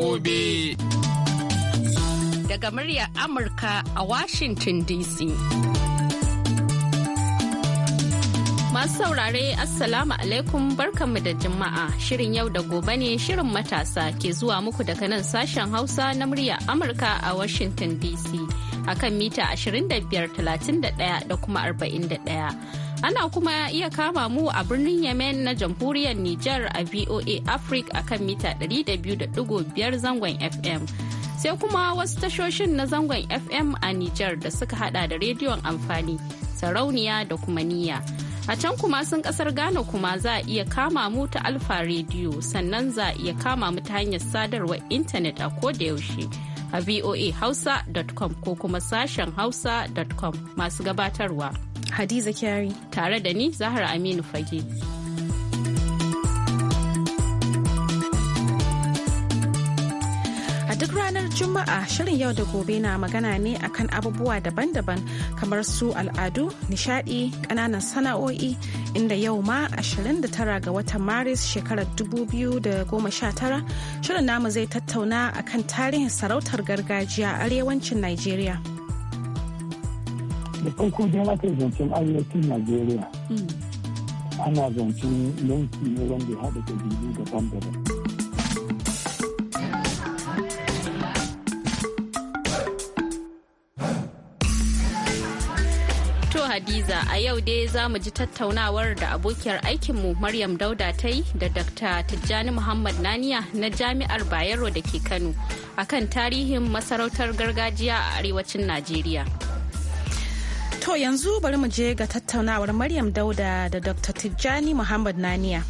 gobe. Daga muryar Amurka a Washington DC. Masu saurare Assalamu alaikum barkanmu da Juma'a shirin yau da gobe ne shirin matasa ke zuwa muku daga nan sashen Hausa na muryar Amurka a Washington DC akan mita 25, 31 da kuma 41. Ana kuma iya kama mu a birnin Yemen na jamhuriyar Nijar a VOA Africa akan mita 200.5 zangon FM. Sai kuma wasu tashoshin na zangon FM a Nijar da suka hada da rediyon amfani, sarauniya da kuma niyya. A can kuma sun kasar Ghana kuma za a iya kama mu ta Alfa rediyo sannan za a iya kama mu ta hanyar sadarwar intanet a koda yaushe. a voa voahausa.com ko kuma sashen hausa.com masu gabatarwa. Hadiza Kyari. Tare da ni Zahra Aminu Fage. A duk ranar Juma'a shirin yau da gobe na magana ne akan abubuwa daban-daban kamar su al'adu, nishadi, kananan sana'o'i inda yau ma 29 ga watan Maris shekarar 2019 shirin namu zai tattauna akan tarihin sarautar gargajiya a arewacin Najeriya. da farko dai aka yi zancen ayyukan najeriya hmm. ana zancen yanki ne wanda ya haɗa ƙabilu daban-daban Hadiza a yau dai za mu ji tattaunawar da abokiyar aikinmu Maryam Dauda ta yi da Dr. Tijjani Muhammad Naniya na Jami'ar Bayero da ke Kano akan tarihin masarautar gargajiya a arewacin Najeriya. To yanzu bari mu je ga tattaunawar Maryam Dauda da Dr. Tijjani Muhammad Naniya.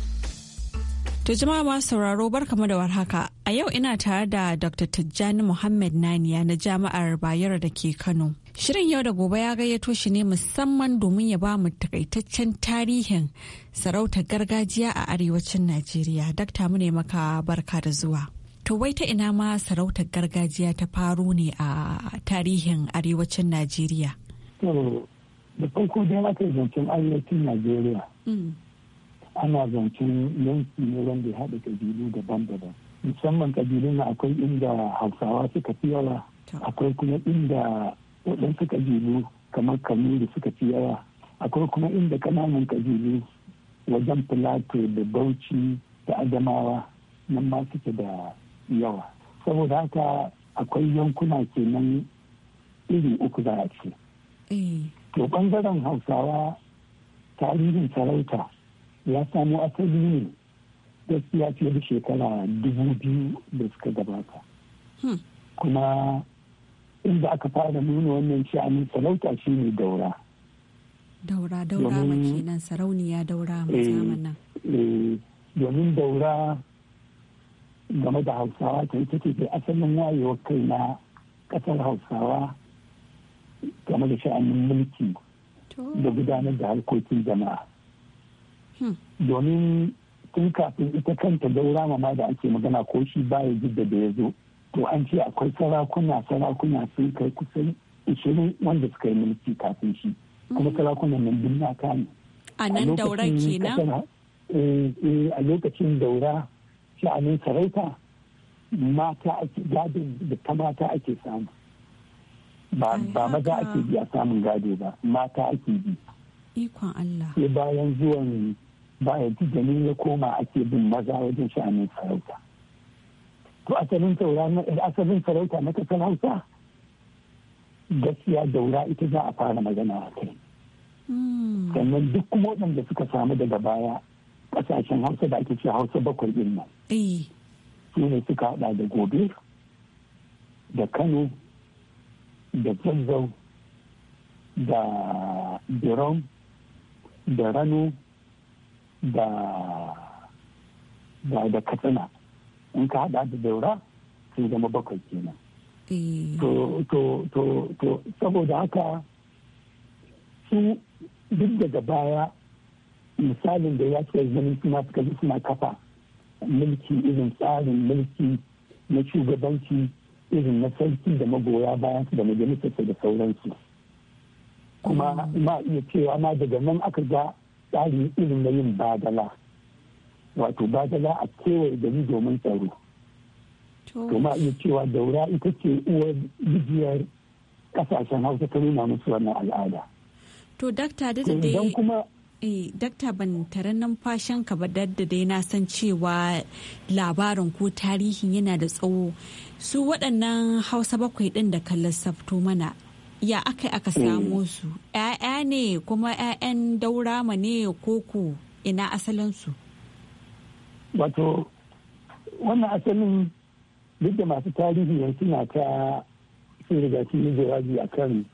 To jama'a masu sauraro barkamu da warhaka. A yau ina tare da Dr. Tijjani Muhammad Naniya na Jami'ar Bayero da ke Kano. Shirin yau da gobe ya gayyato shi ne musamman domin ya ba mu takaitaccen tarihin sarautar gargajiya a arewacin Najeriya. Dakta mu ne maka barka da zuwa. To wai ta ina ma sarautar gargajiya ta faru ne a tarihin arewacin Najeriya? to da farko dai aka yi zancen ayyukan najeriya mm. ana zancen yanki ne wanda ya haɗa ƙabilu daban-daban musamman ƙabilun na akwai inda hausawa suka fi yawa akwai kuma inda waɗansu ƙabilu kamar kanuri suka fi yawa akwai kuma inda ƙananan ƙabilu wajen filato da bauchi da adamawa nan ma suke da yawa saboda haka akwai yankuna kenan iri uku za a ce Eh. to ɓangaren hausawa tarihin sarauta ya samu asali ne gaskiya fi da shekara dubu biyu da suka gabata hmm. kuma inda aka fara nuna wannan sha'anin sarauta shi ne daura daura daura ma nan sarauniya daura ma eh, eh, domin daura game da hausawa ta ita ce asalin wayewar kai na kasar hausawa game da sha'anin mulki da gudanar da harkokin jama'a hmm. domin tun kafin ita kanta daura mama da ake magana ko shi baya jidda da ya zo to an ce akwai sarakuna sarakuna sun kai kusan ishirin wanda suka yi mulki kafin shi kuma hmm. sarakunan nan duk na ne a nan daura kenan eh, eh, a lokacin daura sha'anin sarauta mata ake gadin da ta mata ake samu ba maza ake bi a samun gado ba mata ake bi ikon Allah sai bayan zuwan bayan tijani ya koma ake bin maza wajen sha'anin sarauta to asalin asalin sarauta na kasar hausa gaskiya daura ita za a fara magana a kai hmm. sannan duk kuma waɗanda suka samu daga baya ƙasashen hausa da ake ce hausa bakwai ɗin eh. su ne suka haɗa da gobe da kano da zazzau da biron da rano da da katsina in ka hada da daura sun zama bakwai kenan eh. to saboda haka su duk daga baya misalin da ya ce zanen suna suka suna kafa mulki irin tsarin mulki na shugabanci irin na sarki da magoya bayan su da majalisarsa da sauransu kuma mm. ma iya cewa ma daga nan aka ga tsarin irin na yin badala wato badala a kewaye gari domin tsaro to ma iya cewa daura ita ce uwar bijiyar kasashen hausa ta nuna musu wannan al'ada to dakta da kuma Eh, dakta ban tare numfashin ka ba dadda dai na san cewa labarin ko tarihin yana da tsawo. Su waɗannan Hausa bakwai ɗin da ka lissafto mana, ya aka aka samo mm. su? ‘Ya'ya ne kuma ‘ya'yan daurama ne koko ina asalinsu? Wato, wannan asalin duk da masu tarihi yanzu na ta sun riga sun yi jawabi a kan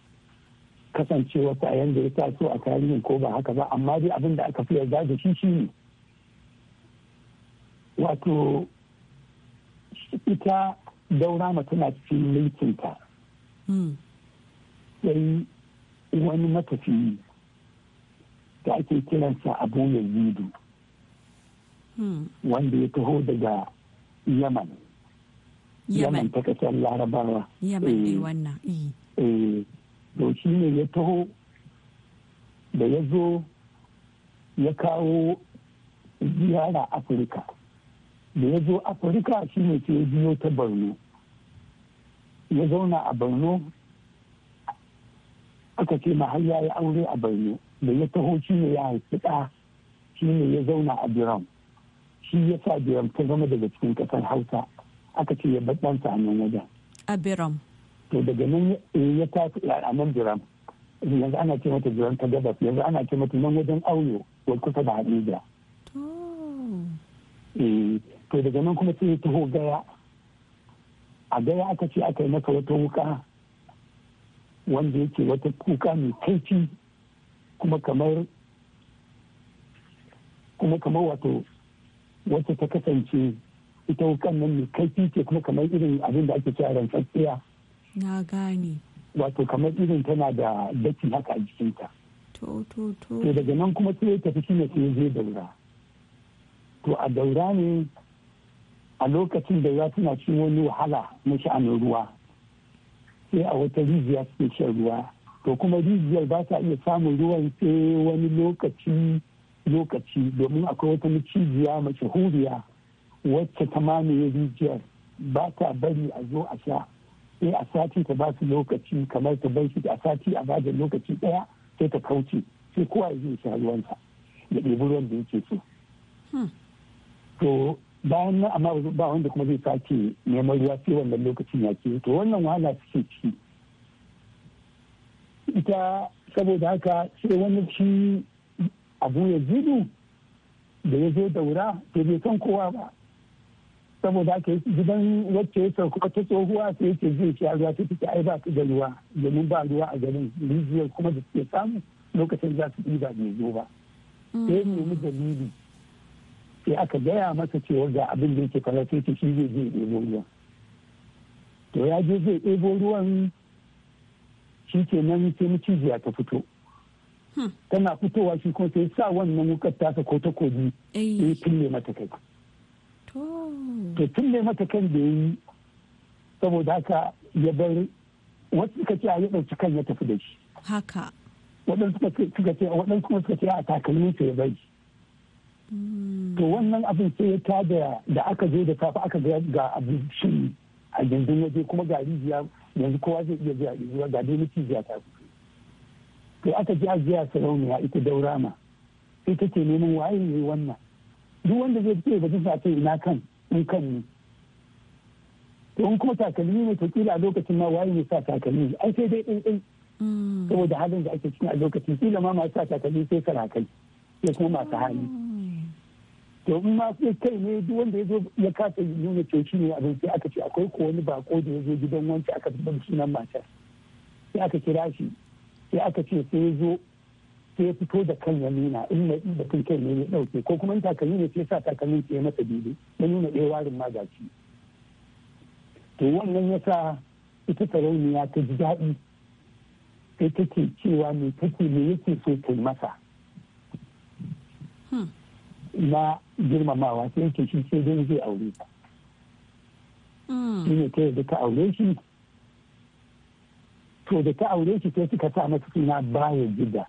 kasancewa ta yanda ya taso a tarihin ko ba haka ba amma dai abin da aka fi yarda da shi shi ne wato ita daurama tana cikin mulkinta hmm. sai wani matafiyi da ake kiransa abu yazidu hmm. wanda ya taho daga yaman yaman ta kasar larabawa yaman ne eh. wannan eh. Eh. to shi ne ya taho da ya zo ya kawo ziyara afirka da ya zo afirka shi ne ke biyo ta borno ya zauna a borno aka ce har ya yi aure a borno da ya taho shi ne ya haifi ɗa shi ne ya zauna a biram shi ya sa biram ta zama daga cikin ƙasar hausa aka ce ya bar a nan wajen a biram to daga nan ya eh, taso a nan jiran yanzu ana ce mata jiran ta gabas yanzu ana ce mata nan wajen auyo wani kusa da hadija eh, to daga nan kuma sai ya taho gaya a gaya aka ce aka yi maka wata wuka wanda yake wata kuka mai kaici kuma kamar kuma kamar wato wacce ta kasance ita wukan nan mai kaifi ce kuma kamar irin abin da ake cewa rantsattsiya na gane wato kamar irin tana da daki haka a jikinta to to to to daga nan kuma sai ya tafi shine sai zai daura to a daura ne a lokacin da za suna cin wani wahala na sha'anin ruwa sai a wata rijiya suke shan ruwa to kuma rijiyar ba ta iya samun ruwan sai wani lokaci lokaci domin akwai wata macijiya huriya wacce ta mamaye rijiyar ba ta bari a zo a sha sai a sati ta ba su lokaci kamar ta bai shi a sati a bada lokaci daya sai ta kauce sai kowa ya zai sha ruwansa da ɗebi ruwan da yake so. Hmm. To bayan nan amma ba wanda kuma zai sake neman ruwa sai wannan lokacin ya ke to wannan wahala suke ciki. Ita saboda haka sai wani shi abu ya zidu da ya zo daura to bai san kowa ba saboda yi gidan wacce ya sauka ta tsohuwa sai yake zai sha ruwa ta fita ai ba ta da ruwa domin ba ruwa a garin rijiyar kuma da suke samu lokacin za su ɗiba mai zo ba mm. sai mu dalili sai aka gaya masa cewa ga abin da yake fara sai shi zai je ɗebo ruwan to ya je zai ɗebo ruwan shi ke nan sai macijiya ta fito hmm. tana fitowa shi kuma sai sa wannan wukar tasa ko takobi ya kulle mata kai to tun ne mata kan da yi saboda haka ya bar wasu suka ce a yi ɗauki kan ya tafi da shi haka waɗansu kuma suka ce a takalmin ta ya bari to wannan abin sai ya tada da aka zo da safe aka ga abin shi a gindin waje kuma ga rijiya yanzu kowa zai iya zuwa rijiya ga dai miki ta fito to aka ji ajiya sarauniya ita daurama ita ce neman waye ne wannan duk wanda zai fito ba ta ce ina kan in kan ne to in kuma takalmi ne to kila a lokacin ma waye ne sa takalmi ai sai dai din din mm. saboda halin da ake cikin a lokacin kila ma masu sa takalmi sai sarakai sai kuma masu hali to in ma sai kai ne duk wanda ya zo ya kasa nuna to shi ne abin sai aka ce akwai ko wani bako da ya zo gidan wancan aka tabbata sunan matar sai aka kira shi sai aka ce sai ya zo sai ya fito da kan ya nuna in mai kan kai ne ya ɗauke ko kuma in takalmi ne sai sa takalmin ke masa bibi, na nuna ɗaya warin magaci to wannan ya sa ita sarauniya ta ji daɗi sai take cewa me take me yake so ta yi masa hmm. na girmamawa sai yake shi sai dai zai aure ta hmm. shi ta yadda ta aure shi to da ta aure shi sai suka sa masa suna baya gida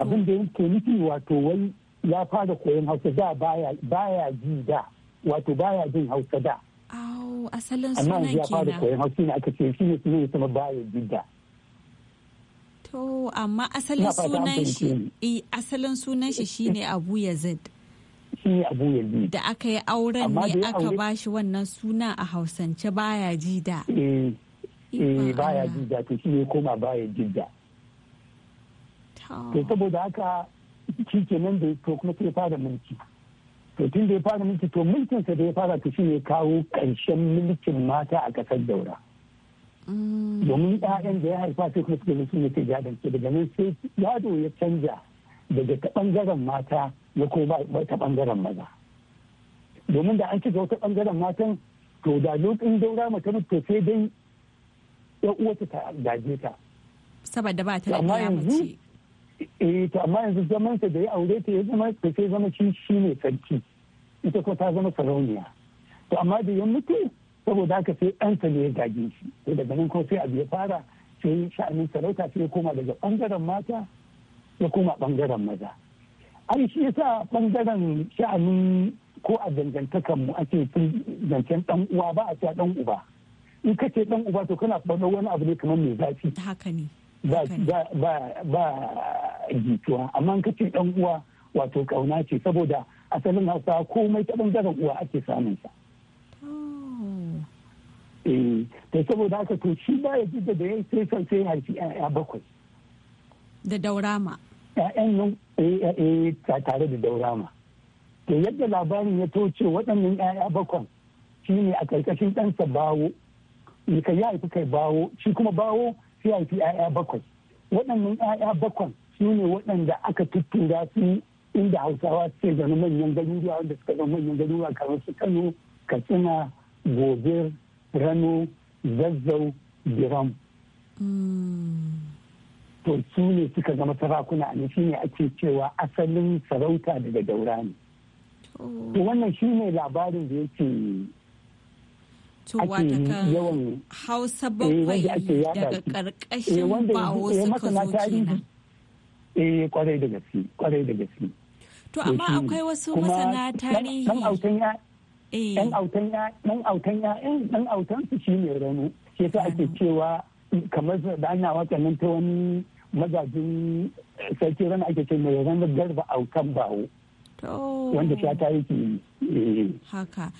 abin da yake nufi wato wai ya fara koyon hausa da baya ji da wato baya jin hausa da asalin sunan kenan ya fara koyon hausa ne aka ce shi ne sunan ya sama baya ji da to amma asalin sunan shi eh, asalin sunan shi shine Abu Yazid shi ne Abu Yazid da aka yi auren ne aka bashi wannan suna a Hausance baya ji da eh, eh baya ji da to shi ne koma baya ji da Ah. to saboda haka shi kenan da to kuma sai fara mulki to tun da ya fara mulki to mulkin sa da ya fara to shi kawo ƙarshen mulkin mata a kasar daura mm. domin ɗayan da ya haifa sai kuma suke zo ne yake gadon ke daga nan sai yado ya canja daga ta ɓangaren mata ya koma ta ɓangaren maza domin da an shiga wata ɓangaren matan to da lokacin daura mace to sai dai ya uwata ta gaje ta saboda ba ta da mace eh to amma yanzu zaman sa da ya aure ta ya zama ta sai zama shi shi ne sarki ita ko ta zama sarauniya to amma da ya mutu saboda haka sai ɗansa ne ya gaje shi to daga nan ko sai abu ya fara sai sha'anin sarauta sai ya koma daga ɓangaren mata ya koma ɓangaren maza ai shi yasa ɓangaren sha'anin ko a dangantakan mu ake fi zancen ɗan uwa ba a sha ɗan uba in ka ce ɗan uba to kana faɗo wani abu ne kamar mai zafi ba jituwa amma ka ce dan uwa wato kauna ce saboda asalin hausa komai ta bangaren uwa ake samun sa oh. eh, to saboda haka to shi ba ya ji da yayi sai san sai haifi ya bakwai da daurama nan eh, eh, tare da daurama to yadda labarin ya toce waɗannan ƴaƴa bakwan shine a ƙarƙashin ɗansa bawo ka ya haifi kai bawo shi kuma bawo sai 'ya'ya bakwai waɗannan 'ya'ya bakwai su ne waɗanda aka tuttura su inda hausawa suke zama manyan garuruwa wanda suka zama manyan garuruwa kamar su kano katsina gobe rano zazzau biram mm. to su ne suka zama sarakuna a shi ne ake cewa asalin sarauta daga daura ne to wannan shi ne labarin da yake ake yawan hausa eh, bakwai daga karkashin eh, bawo suka eh, zo kenan eh kwarai da gaske kwarai da gaske to amma akwai wasu masana tarihi Ɗan autan ya ɗan autan ya dan autan autan su rano shi ta ake cewa kamar da ana wakannin ta wani mazajin sarki rana ake ce mai rana garba autan bawo wanda ta ta yi haka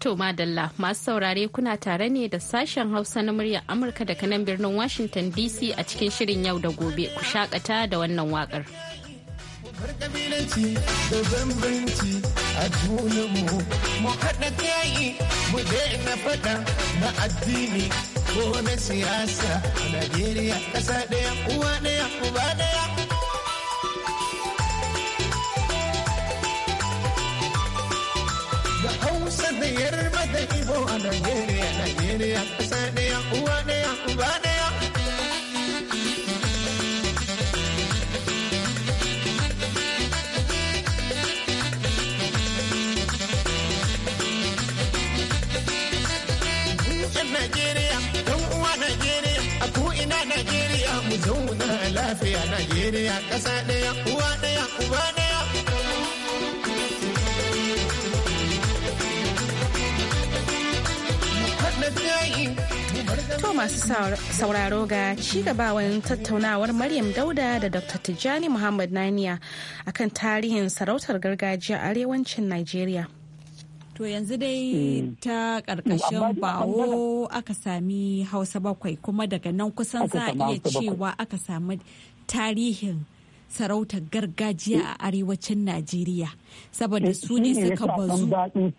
To Madalla masu saurare kuna tare ne da sashen Hausa na muryar Amurka daga nan birnin Washington DC a cikin shirin yau da gobe ku shakata da wannan wakar. siyasa a Najeriya ƙasa ɗaya uwa ɗaya uba ɗaya. tarayyar mata ibo a Najeriya, Najeriya, ƙasa ɗaya, uwa ɗaya, uba ɗaya. Najeriya, nigeria uwa Najeriya, a Najeriya, mu zauna lafiya Najeriya, ƙasa ɗaya, uwa ɗaya, uba ɗaya. To masu sauraro ga cigabawan tattaunawar Maryam Dauda da Dr. Tijjani Muhammad Naniya kan tarihin sarautar gargajiya arewacin Najeriya. To yanzu dai hmm. ta ƙarƙashin bawo aka sami Hausa bakwai kuma daga nan kusan za a iya cewa aka sami tarihin sarautar gargajiya a arewacin Najeriya saboda eh, su ne suka bazu.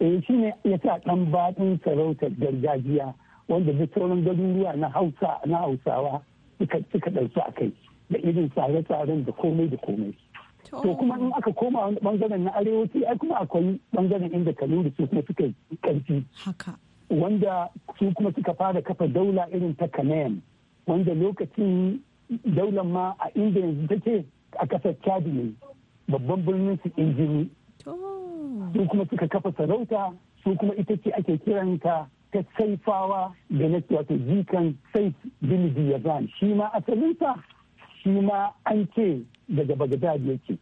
eh shi ne ya sa ɗan baɗin sarautar gargajiya wanda duk sauran garuruwa na hausa na hausawa suka ɗauki a kai da irin tsare-tsaren da komai da komai to kuma in aka koma wani ɓangaren na arewaci ai kuma akwai ɓangaren inda kanuri su kuma suka yi wanda su kuma suka fara kafa daula irin ta kanayan wanda lokacin daular ma a inda yanzu take a kasar chadi ne babban birnin su injini Su kuma suka kafa sarauta su kuma ita ce ake kiranta ta saifawa da na wato jikan saif ya diyaban shi ma asalinsa shi ma an ce daga bagdad yake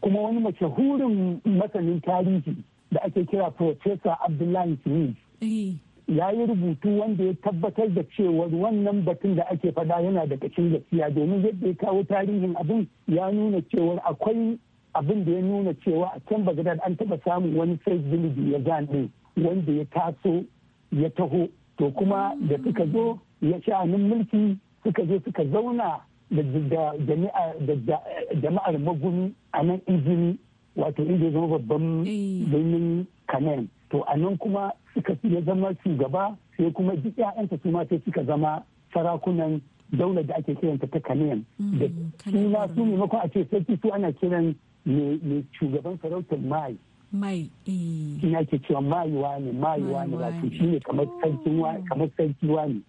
kuma wani mashahurin masanin tarihi da ake kira Profesa Abdullahi Smith eh. ya yi rubutu wanda ya tabbatar da cewar wannan batun da ake fada yana da kashin gaskiya domin yadda ya kawo tarihin abin ya nuna cewar akwai abin da ya nuna cewa a can bagadad an taɓa samun wani sai zulubi ya zane wanda ya taso ya taho to kuma da suka zo ya sha'anin mulki suka zo suka zauna da jama'ar magumi a nan izini wato inda ya zama babban eh. birnin kamen to a nan kuma suka ya zama shugaba sai kuma duk 'ya'yanta su ma sai suka zama sarakunan daular da ake kiranta ta kamen mm, da su ma su maimakon a ce sarki su ana kiran mai shugaban sarautar mai mai eh. ina ke cewa maiwa ne maiwa ne wato shi ne kamar oh. sarki ne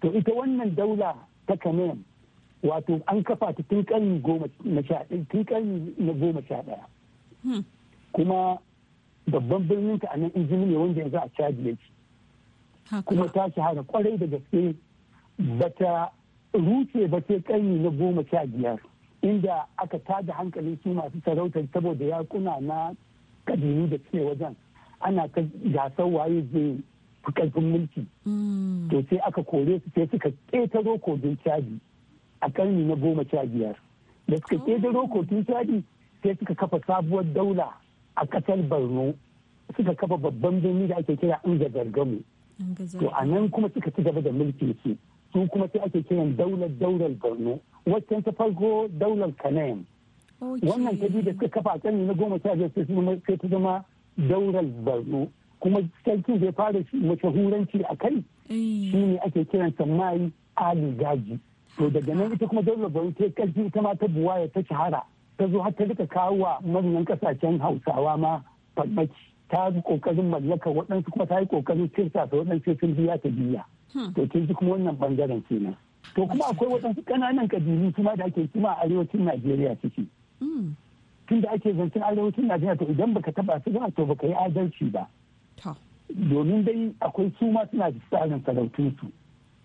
to ita wannan daula ta kamen wato an kafa ta tun karni goma na goma sha ɗaya hmm. kuma babban birnin ta a nan izini ne wanda yanzu a caji yake kuma ta shahara kwarai da gaske bata ruce ba sai karni na goma sha biyar inda aka tada hankali su masu sarautar saboda yakuna na kabilu da ke wajen ana ta gasar waye zai fi karfin mulki hmm. to sai aka kore su sai suka ƙetaro kogin caji a karni na goma sha biyar da suka oh. ƙetaro kogin caji sai suka kafa sabuwar daula a ƙasar borno suka kafa babban birni da ake kira ga gargamu to a nan kuma suka ci gaba da mulkin su su kuma sai ake kiran daular daular borno waccan ta farko daular kanem wannan ta biyu da suka kafa a na goma sha biyar sai ta zama daular borno kuma sarkin da ya fara mashahuranci a kai eh. shi ne ake kiransa mai ali gaji to daga nan ita kuma daular borno ta ƙarfi ita ma ta buwaya ta shahara ta zo har ta rika kawo wa manyan ƙasashen hausawa ma farmaki ta yi kokarin mallaka waɗansu kuma ta yi kokarin cirta ta waɗansu sun biya ta biya hmm. to kin ji kuma wannan bangaren kenan to kuma akwai waɗansu ƙananan kabilu kuma da ake kima a arewacin najeriya ciki hmm. tun da ake zancen arewacin najeriya to idan baka taba su ba to baka yi adalci ba domin dai akwai su ma suna da tsarin sarautunsu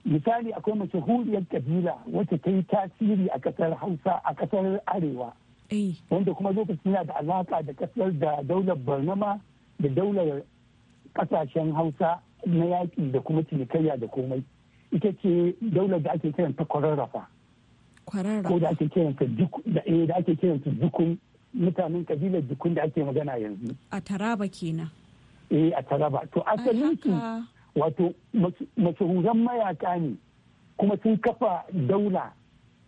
misali akwai mace huriyar kabila wacce ta yi tasiri a kasar hausa a kasar arewa eh. wanda kuma lokacin yana da alaƙa da kasar da daular barnama da daular kasashen hausa na yaƙi da kuma cinikayya da komai ita ce daular da ake kiranta kwararrafa ko da ake kiranta eh, da ake kiranta dukun mutanen kabilar dukun da ake magana yanzu a taraba kenan eh a taraba to asalin su wato mashahuran mayaka ne kuma sun kafa daula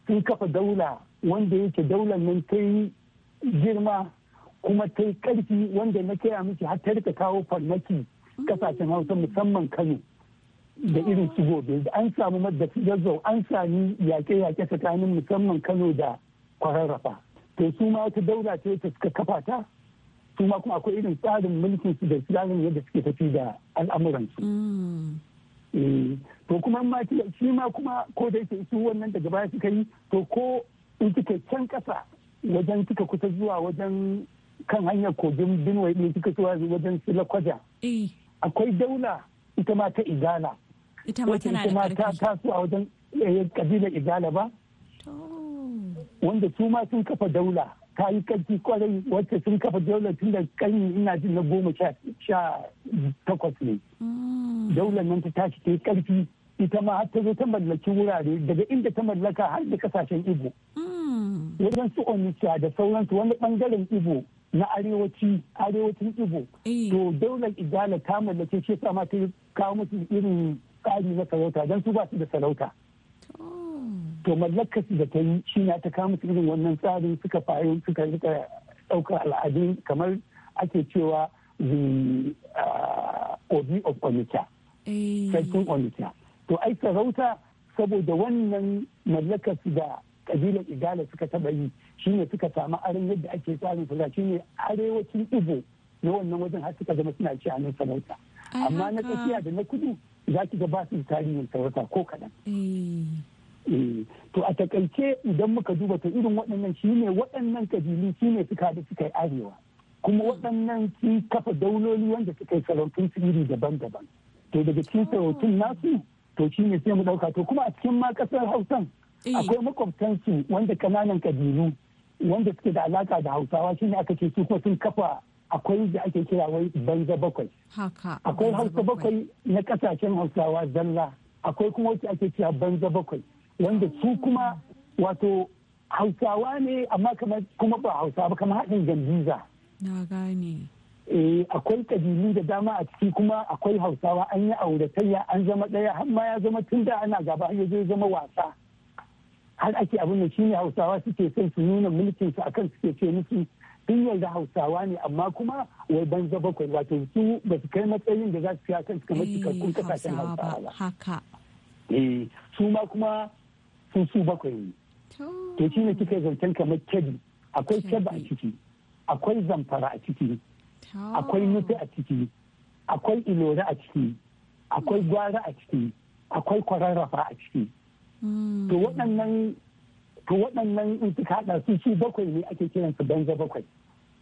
sun kafa daula wanda yake daular nan ta yi girma kuma ta yi ƙarfi wanda na kira miki har ta rika kawo farmaki kasashen hausa musamman kano da irin su gobe da an samu da zazzau an sami yaƙe-yaƙe tsakanin musamman kano da kwararrafa to su ma wata daura ce ta suka kafa ta su ma kuma akwai irin tsarin mulkin su da tsarin yadda suke tafi da al'amuransu mm. eh, to kuma ma shi ma kuma ko da yake su wannan daga baya suka yi to ko in kika can ƙasa wajen kika kusa zuwa wajen kan hanyar kogin Benue ne suka zuwa wajen sila kwaja. Eh. Akwai daula ita ma ta Igala. Ita ma tana da ƙarfi. ta taso a wajen kabilar eh, Igala ba. Wanda su ma sun kafa daula ta yi ƙarfi kwarai wacce sun kafa daula tun da ƙarni ina jin na goma sha takwas ne. Mm. Daular nan ta tashi ta yi ƙarfi ita ma har ta zo ta mallaki wurare daga inda ta mallaka har da kasashen ibo. Mm. wajen su onitsha da sauransu wani bangaren ibo na arewaci arewacin ibo eh. to daular igala ta mallake shi yasa ma kawo musu irin tsari na sarauta don su ba su da sarauta oh. to mallakar su da ta yi shi na ta kawo musu irin wannan tsarin suka fayo suka rika ɗaukar al'adun kamar ake cewa the uh, obi of onitsha eh. sarkin onitsha to ai sarauta saboda wannan mallakar su da kabilan igala suka taba yi shine suka samu arin yadda ake tsarin su ne arewacin ibo na wannan wajen har suka zama suna ci a nan sarauta amma na tsakiya da na kudu za ki ga ba su tarihin sarauta ko kaɗan. Eh. Eh, to a takaice idan muka duba to irin waɗannan shine waɗannan kabilu ne suka da suka yi arewa kuma waɗannan sun kafa dauloli wanda suka yi sarautun su iri daban-daban to daga cikin sarautun ah. nasu to shine sai mu ɗauka to kuma a cikin ma ƙasar hausan Eh. akwai makwabtansu wanda kananan kabilu wanda suke da alaka da hausawa shine aka ce su kuma sun kafa akwai da ake kira wai banza bakwai akwai hausa bakwai na kasashen hausawa zalla akwai kuma wacce ake cewa banza bakwai wanda su kuma wato hausawa ne amma kuma ba hausa ba kamar haɗin gandiza na gane eh, akwai kabilu da dama a ciki kuma akwai hausawa an yi auratayya an zama ɗaya har ma ya zama tun da ana gaba ya zai zama wasa har ake abin da shine hausawa suke son su nuna mulkin su akan suke ce musu sun yarda hausawa ne amma kuma wai banza bakwai wato su ba su kai matsayin da za su fiya su kamar eh, cikakkun kasashen hausawa ba haka eh, su ma kuma sun su bakwai ne to ne kika zancen kamar kyadi akwai keba a ciki akwai zamfara a ciki akwai nufi a ciki akwai ilori a ciki akwai gwara a ciki akwai kwararrafa a ciki Hmm. to waɗannan to waɗannan su shi bakwai ne ake kiran su banza bakwai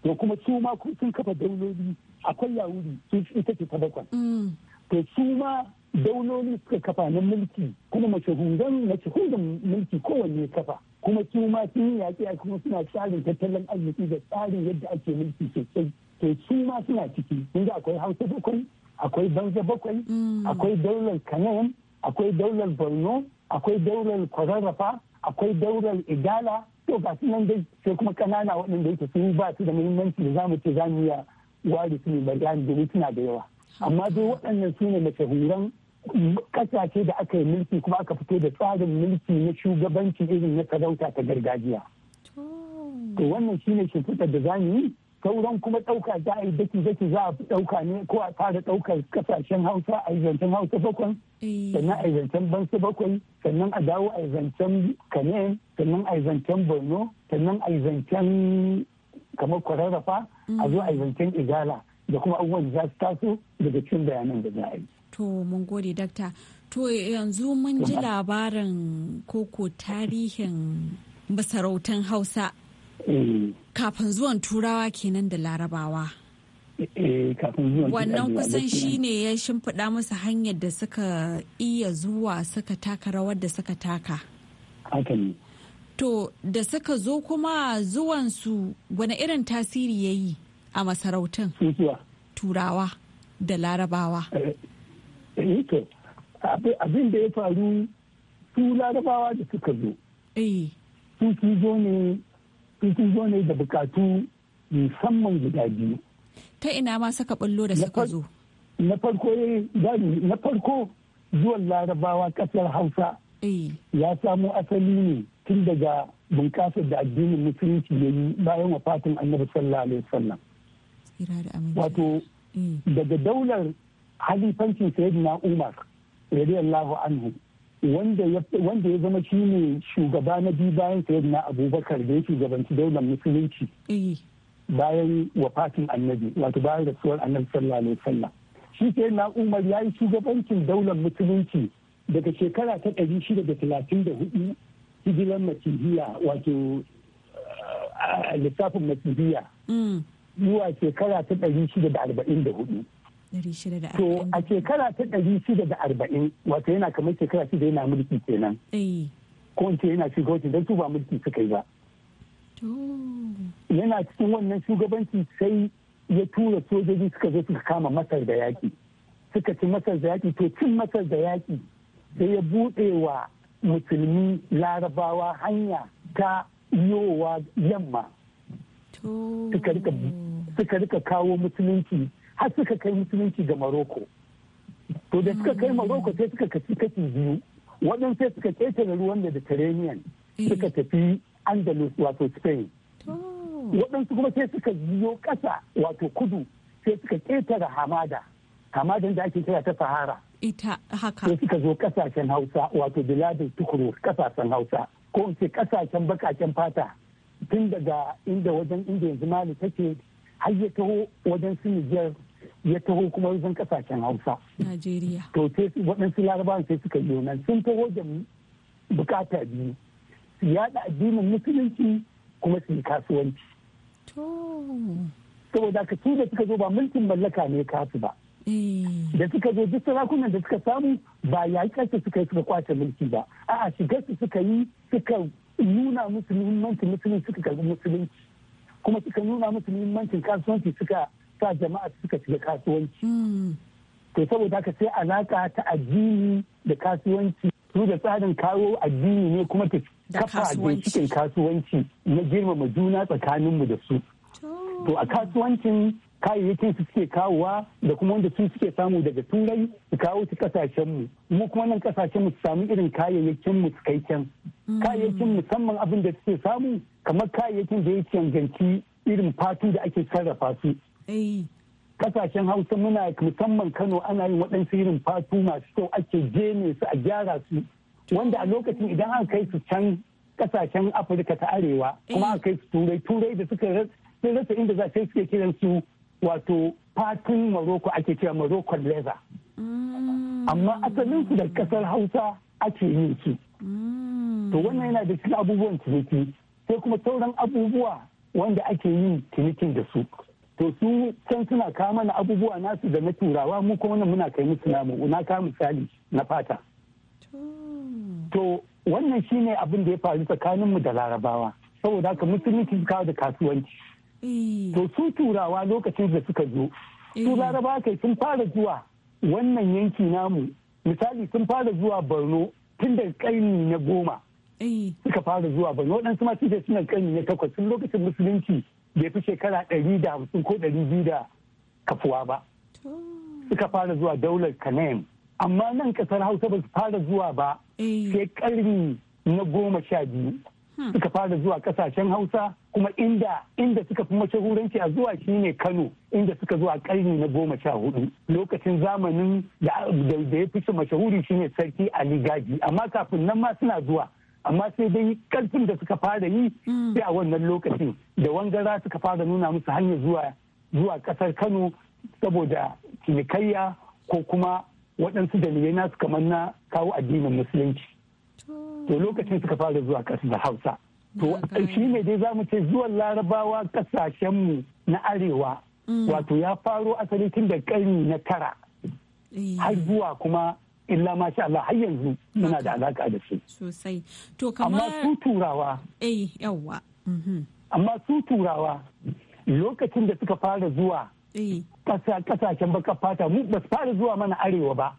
to kuma su ma sun kafa dauloli akwai yahudi su ita ce ta bakwai hmm. to su ma dauloli suka kafa na mulki kuma na mashahuran mulki kowanne kafa kuma su ma sun yaƙi a kuma suna tsarin tattalin arziki da tsarin yadda ake mulki sosai to su ma suna ciki inda akwai hausa bakwai akwai banza bakwai hmm. akwai daular kanayan akwai daular borno akwai daular kwararrafa akwai daular igala to ba su nan dai sai kuma kanana waɗanda yake su ba su da muhimmanci da zamu ce zamu iya ware su ne bayani domin suna da yawa amma dai waɗannan su ne mashahuran kasashe da aka yi mulki kuma aka fito da tsarin mulki na shugabanci irin na sarauta ta gargajiya to wannan shine shimfiɗar da zamu yi sauran kuma ɗauka za a yi daki daki za a ɗauka ne ko a fara ɗaukar kasashen hausa a zancen hausa bakwai eh. sannan a zancen bansu bakwai sannan a dawo a zancen kane sannan a zancen borno sannan a zancen kamar kwararrafa a zo a zancen igala da kuma abubuwan za su taso daga cikin bayanan da za a yi. to mun gode dakta to yanzu mun ji labarin koko tarihin masarautan hausa Eh. Kafin zuwan turawa kenan da larabawa. Eh, Wannan kusan shi ne ya shimfiɗa musu hanyar da suka iya zuwa suka taka rawar da suka taka. To da suka zo kuma zuwan su wani irin tasiri ya yi a masarautun turawa da larabawa. Eh, abin da ya faru su larabawa da suka zo. Su zo ne sun zo ne da bukatu musamman guda biyu. Ta ina ma saka ballo da suka zo? Na farko na farko zuwan larabawa kasar Hausa eh. ya samo asali ne tun daga bunƙasar da addinin musulunci ya yi bayan wafatin annabi sallallahu alaihi wasallam. Wato eh. daga daular halifancin sayyidina Umar radiyallahu anhu wanda ya zama shi ne shugaba na biyu bayan sayar na abubakar da ya shugabanci daular musulunci eh. bayan wafatin annabi wato bayan rasuwar annabi sallallahu alaihi wasallam shi sayar na umar ya yi shugabancin daular musulunci daga shekara ta ɗari shida da talatin da hudu hijiran masihiya wato lissafin masihiya mm. zuwa shekara ta ɗari shida da arba'in da hudu To a shekara ta ɗari shida da arba'in wato yana kamar shekara shida yana mulki kenan. Eh. Ko in ce yana shugabanci don su ba mulki suka yi ba. Yana cikin wannan shugabanci sai ya tura sojoji suka zo suka kama Masar da yaƙi. Suka ci Masar da yaƙi to cin Masar da yaƙi sai ya buɗe wa musulmi larabawa hanya ta yowa yamma. Suka rika kawo musulunci har suka kai musulunci ga maroko to da suka kai maroko sai suka kaci kaci biyu waɗansu sai suka ƙetare ruwan da mediterranean eh. suka tafi andalus wato spain oh. waɗansu kuma sai suka biyo ƙasa wato kudu sai suka ƙetare hamada hamadan da ake kira ta sahara ita haka sai suka zo ƙasashen hausa wato biladin tukuru ƙasashen hausa ko in ce ƙasashen baƙaƙen fata tun daga inda wajen inda yanzu mali take har ya taho wajen su ya taho kuma wajen kasashen hausa to sai waɗansu larabawan sai suka yi nan sun taho da bukata biyu su yada addinin musulunci kuma su yi kasuwanci saboda ka su da suka zo ba mulkin mallaka ne kasu ba eh. da suka zo duk sarakunan da suka samu ba yaƙarsa suka yi suka kwace mulki ba a'a su suka yi suka nuna musu muhimmancin musulunci suka karbi musulunci kuma suka nuna musu muhimmancin kasuwanci suka sa jama'a suka shiga kasuwanci hmm. to saboda haka sai alaka ta addini da kasuwanci su da tsarin kawo addini ne kuma ta kafa cikin kasuwanci na girmama juna tsakaninmu da su to a kasuwancin kayayyakin su suke kawowa da kuma wanda su suke samu daga turai su kawo su kasashen mu kuma nan kasashen mu su samu irin kayayyakin mu su kai can hmm. kayayyakin musamman abin da suke samu kamar kayayyakin da ya canganci irin fatu da ake sarrafa su Eh. kasashen hausa muna musamman kano ana yin waɗansu irin fatu masu kyau ake jene su a gyara su wanda a lokacin idan an kai su can kasashen afirka ta arewa kuma eh. an kai su turai turai da suka rasa inda za su suke kiran su wato fatun maroko ake kira maroko leather mm. amma asalin su da kasar hausa ake yin su mm. to wannan yana da cikin abubuwan ciniki sai kuma sauran abubuwa wanda ake yin cinikin da su to su can suna kawo mana abubuwa nasu da na turawa mu kuma muna kai musu namu na kama misali na fata to wannan shi ne abin da ya faru tsakanin mu da larabawa saboda haka musulunci su kawo da kasuwanci eh. to su turawa lokacin da suka zo su eh. larabawa kai sun fara zuwa wannan yanki namu misali sun fara zuwa borno tun da ƙarni na goma eh. suka fara zuwa borno waɗansu ma suke suna ƙarni na takwas Tun lokacin musulunci bai fi shekara ɗari da hamsin ko ɗari biyu da kafuwa ba suka fara zuwa daular kanem amma nan ƙasar hausa ba su fara zuwa ba eh. sai ƙarni na goma sha biyu hmm. suka fara zuwa ƙasashen hausa kuma inda inda suka fi mashahuranci a zuwa shine kano inda suka zuwa ƙarni na goma sha hudu lokacin zamanin da ya fi su mashahuri shine sarki ali gaji amma kafin nan ma suna zuwa amma sai dai karfin da suka fara yi mm. sai a wannan lokacin da wangara suka fara nuna musu hanyar zuwa zuwa kasar kano saboda cinikayya ko kuma waɗansu dalilai nasu kamar na kawo addinin musulunci to lokacin suka fara zuwa da hausa to shi ne dai za mu ce zuwan larabawa kasashenmu na arewa mm. wato ya faro asali tun da ƙarni na tara eh. har zuwa kuma illa ma sha Allah har yanzu muna da alaka da su sosai to kamar amma su turawa eh yawa mhm. amma su turawa lokacin da suka fara zuwa kasashen eh. baka fata mu ba su fara zuwa mana arewa ba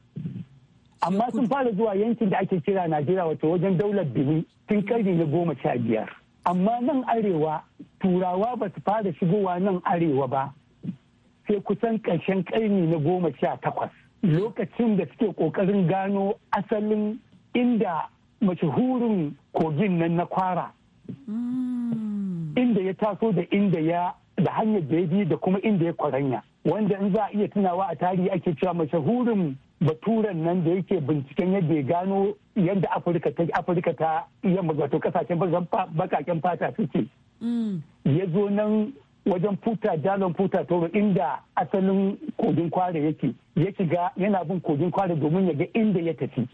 amma sun fara zuwa yankin da ake kira najeriya wato wajen daular benin tun karni na goma sha biyar amma nan arewa turawa ba su fara shigowa nan arewa ba sai kusan ƙarshen karni na goma sha takwas lokacin da suke kokarin gano asalin inda mashahurin kogin nan na kwara inda ya taso da inda ya da hanyar da ya bi da kuma inda ya kwaranya wanda in za a iya tunawa a tarihi ake cewa mashahurin baturen nan da yake binciken yadda ya gano yadda afirka ta afirka ta yamma wato kasashen bakaken fata suke mm. ya zo nan wajen futa jalon futa toro inda asalin kogin kware yake ya shiga yana bin kogin kware domin ya ga inda ya tafi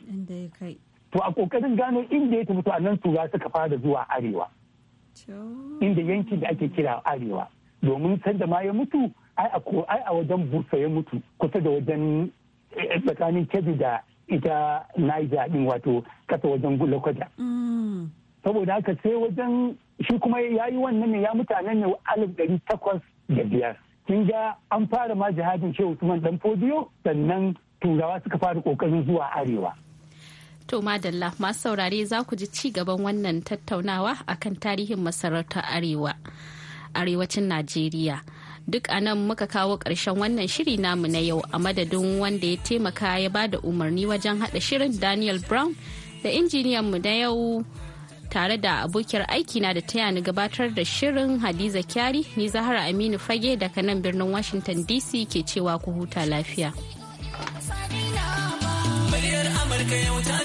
to a kokarin gano inda ya tafi to a nan tura suka fara zuwa arewa inda yankin da ake kira arewa domin sanda ma ya mutu ai a wajen bursa ya mutu kusa da wajen eh, tsakanin kebbi da ita niger din wato kasa wajen gulakwaja mm. saboda haka sai wajen shi kuma ya yi wannan ne ya mutanen ne alif ɗari takwas da biyar kin ga an fara ma jihadin shehu usman dan fodiyo sannan turawa suka fara kokarin zuwa arewa To Madalla masu saurare za ku ji ci gaban wannan tattaunawa akan tarihin masarautar Arewa, Arewacin Najeriya. Duk a nan muka kawo ƙarshen wannan shiri namu na yau a madadin wanda ya taimaka ya ba da umarni wajen haɗa shirin Daniel Brown da injiniyan mu na yau tare da abokiyar aiki na da taya ni gabatar da shirin hadiza kyari ni zahara aminu fage daga nan birnin washington dc ke cewa ku huta lafiya. Muryar Amurka yau